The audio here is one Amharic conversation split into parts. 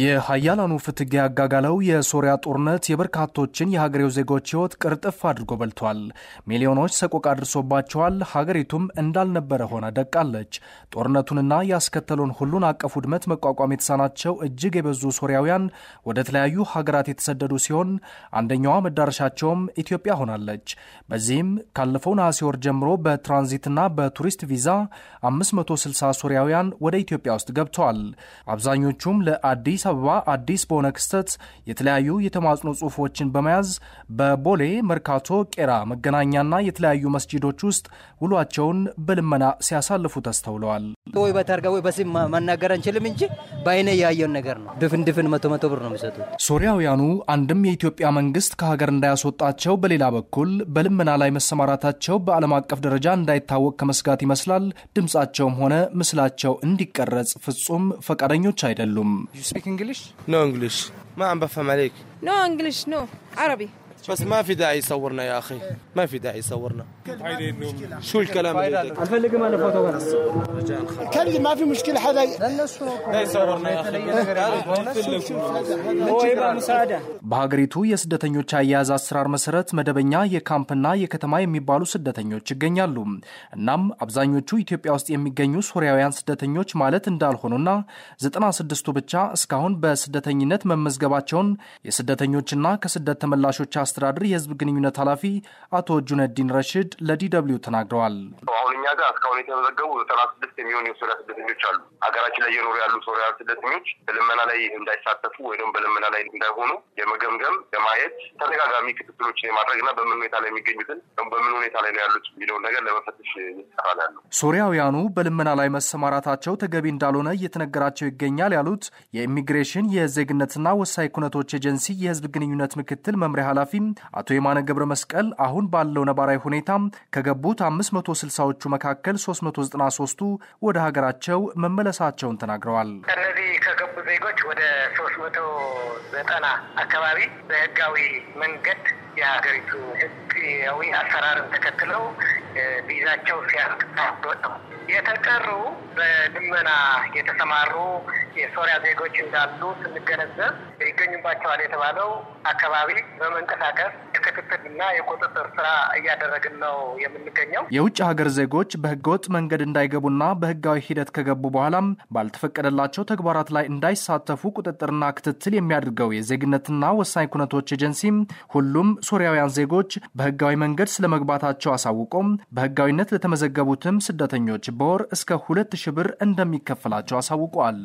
የሀያላኑ ፍትጌ ያጋጋለው የሶሪያ ጦርነት የበርካቶችን የሀገሬው ዜጎች ህይወት ቅርጥፍ አድርጎ በልቷል። ሚሊዮኖች ሰቆቃ አድርሶባቸዋል። ሀገሪቱም እንዳልነበረ ሆና ደቃለች። ጦርነቱንና ያስከተለውን ሁሉን አቀፍ ውድመት መቋቋም የተሳናቸው እጅግ የበዙ ሶሪያውያን ወደ ተለያዩ ሀገራት የተሰደዱ ሲሆን አንደኛዋ መዳረሻቸውም ኢትዮጵያ ሆናለች። በዚህም ካለፈው ነሐሴ ወር ጀምሮ በትራንዚትና በቱሪስት ቪዛ 560 ሶሪያውያን ወደ ኢትዮጵያ ውስጥ ገብተዋል። አብዛኞቹም ለአዲስ አበባ አዲስ በሆነ ክስተት የተለያዩ የተማጽኖ ጽሁፎችን በመያዝ በቦሌ መርካቶ፣ ቄራ፣ መገናኛና የተለያዩ መስጂዶች ውስጥ ውሏቸውን በልመና ሲያሳልፉ ተስተውለዋል። ወይ በታርጋ ወይ በስም መናገር አንችልም እንጂ በአይነ ያየውን ነገር ነው። ድፍን ድፍን መቶ መቶ ብር ነው የሚሰጡት። ሶሪያውያኑ አንድም የኢትዮጵያ መንግስት ከሀገር እንዳያስወጣቸው፣ በሌላ በኩል በልመና ላይ መሰማራታቸው በዓለም አቀፍ ደረጃ እንዳይታወቅ ከመስጋት ይመስላል ድምፃቸውም ሆነ ምስላቸው እንዲቀረጽ ፍጹም ፈቃደኞች አይደሉም። انجلش؟ نو انجلش ما عم بفهم عليك نو انجلش نو عربي بس ما في داعي يصورنا يا اخي ما في داعي يصورنا شو الكلام اللي انا فوتو ما في مشكله حدا لا يصورنا يا اخي በሀገሪቱ የስደተኞች አያያዝ አሰራር መሰረት መደበኛ የካምፕና የከተማ የሚባሉ ስደተኞች ይገኛሉ። እናም አብዛኞቹ ኢትዮጵያ ውስጥ የሚገኙ ሶሪያውያን ስደተኞች ማለት እንዳልሆኑና 96ቱ ብቻ እስካሁን በስደተኝነት መመዝገባቸውን የስደተኞችና ከስደት ተመላሾች አስተዳደር የህዝብ ግንኙነት ኃላፊ አቶ ጁነዲን ረሽድ ለዲደብሊው ተናግረዋል። አሁን እኛ ጋር እስካሁን የተመዘገቡ ዘጠና ስድስት የሚሆኑ የሶሪያ ስደተኞች አሉ። ሀገራችን ላይ የኖሩ ያሉ ሶሪያ ስደተኞች በልመና ላይ እንዳይሳተፉ ወይ ደግሞ በልመና ላይ እንዳይሆኑ የመገምገም የማየት ተደጋጋሚ ክትትሎችን የማድረግና በምን ሁኔታ ላይ የሚገኙትን በምን ሁኔታ ላይ ነው ያሉት የሚለውን ነገር ለመፈተሽ ይሰራል ሶሪያውያኑ በልመና ላይ መሰማራታቸው ተገቢ እንዳልሆነ እየተነገራቸው ይገኛል ያሉት የኢሚግሬሽን የዜግነትና ወሳኝ ኩነቶች ኤጀንሲ የህዝብ ግንኙነት ምክትል መምሪያ ኃላፊ አቶ የማነ ገብረ መስቀል አሁን ባለው ነባራዊ ሁኔታ ከገቡት 560ዎቹ መካከል 393ቱ ወደ ሀገራቸው መመለሳቸውን ተናግረዋል። ከነዚህ ከገቡ ዜጎች ወደ 390 አካባቢ በህጋዊ መንገድ የሀገሪቱ ህጋዊ አሰራርን ተከትለው ቪዛቸው ሲያርቅ የተቀሩ በልመና የተሰማሩ የሶሪያ ዜጎች እንዳሉ ስንገነዘብ ይገኙባቸዋል የተባለው አካባቢ በመንቀሳቀስ የክትትልና የቁጥጥር ስራ እያደረግን ነው የምንገኘው። የውጭ ሀገር ዜጎች በህገወጥ መንገድ እንዳይገቡና በህጋዊ ሂደት ከገቡ በኋላም ባልተፈቀደላቸው ተግባራት ላይ እንዳይሳተፉ ቁጥጥርና ክትትል የሚያደርገው የዜግነትና ወሳኝ ኩነቶች ኤጀንሲም ሁሉም ሶሪያውያን ዜጎች በህጋዊ መንገድ ስለመግባታቸው አሳውቆም በህጋዊነት ለተመዘገቡትም ስደተኞች በወር እስከ ሁለት ሺህ ብር እንደሚከፈላቸው አሳውቀዋል።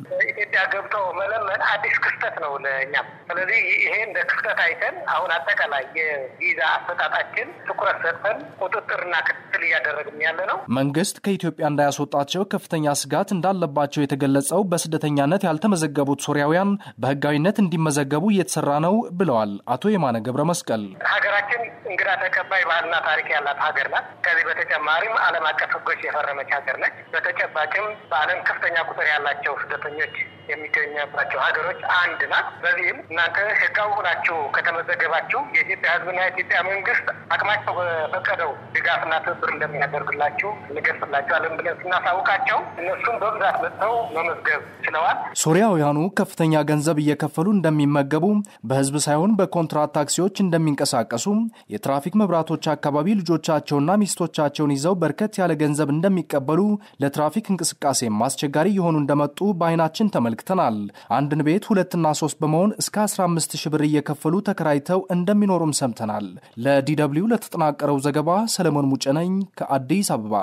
ኢትዮጵያ ገብተው መለመን አዲስ ክስተት ነው ለእኛም። ስለዚህ ይሄ እንደ ክስተት አይተን አሁን አጠቃላይ የቪዛ አሰጣጣችን ትኩረት ሰጥተን ቁጥጥርና ክስ ክትትል እያደረግን ያለ ነው። መንግስት ከኢትዮጵያ እንዳያስወጣቸው ከፍተኛ ስጋት እንዳለባቸው የተገለጸው በስደተኛነት ያልተመዘገቡት ሶሪያውያን በህጋዊነት እንዲመዘገቡ እየተሰራ ነው ብለዋል አቶ የማነ ገብረ መስቀል። ሀገራችን እንግዳ ተቀባይ ባህልና ታሪክ ያላት ሀገር ናት። ከዚህ በተጨማሪም ዓለም አቀፍ ህጎች የፈረመች ሀገር ነች። በተጨባጭም በዓለም ከፍተኛ ቁጥር ያላቸው ስደተኞች የሚገኘባቸው ሀገሮች አንድ ናት። በዚህም እናንተ ህጋዊ ሆናችሁ ከተመዘገባችሁ የኢትዮጵያ ህዝብና የኢትዮጵያ መንግስት አቅማቸው በፈቀደው ድጋፍና ትብብር እንደሚያደርግላቸው እንገልጽላቸዋለን ብለን ስናሳውቃቸው እነሱም በብዛት መጥተው መመዝገብ ችለዋል። ሶሪያውያኑ ከፍተኛ ገንዘብ እየከፈሉ እንደሚመገቡ፣ በህዝብ ሳይሆን በኮንትራት ታክሲዎች እንደሚንቀሳቀሱ፣ የትራፊክ መብራቶች አካባቢ ልጆቻቸውና ሚስቶቻቸውን ይዘው በርከት ያለ ገንዘብ እንደሚቀበሉ፣ ለትራፊክ እንቅስቃሴ አስቸጋሪ የሆኑ እንደመጡ በአይናችን ተመልክተናል። አንድን ቤት ሁለትና ሶስት በመሆን እስከ 15 ሺ ብር እየከፈሉ ተከራይተው እንደሚኖሩም ሰምተናል። ለዲ ለተጠናቀረው ዘገባ ሰለሞን ሙጨነኝ ነኝ ከአዲስ አበባ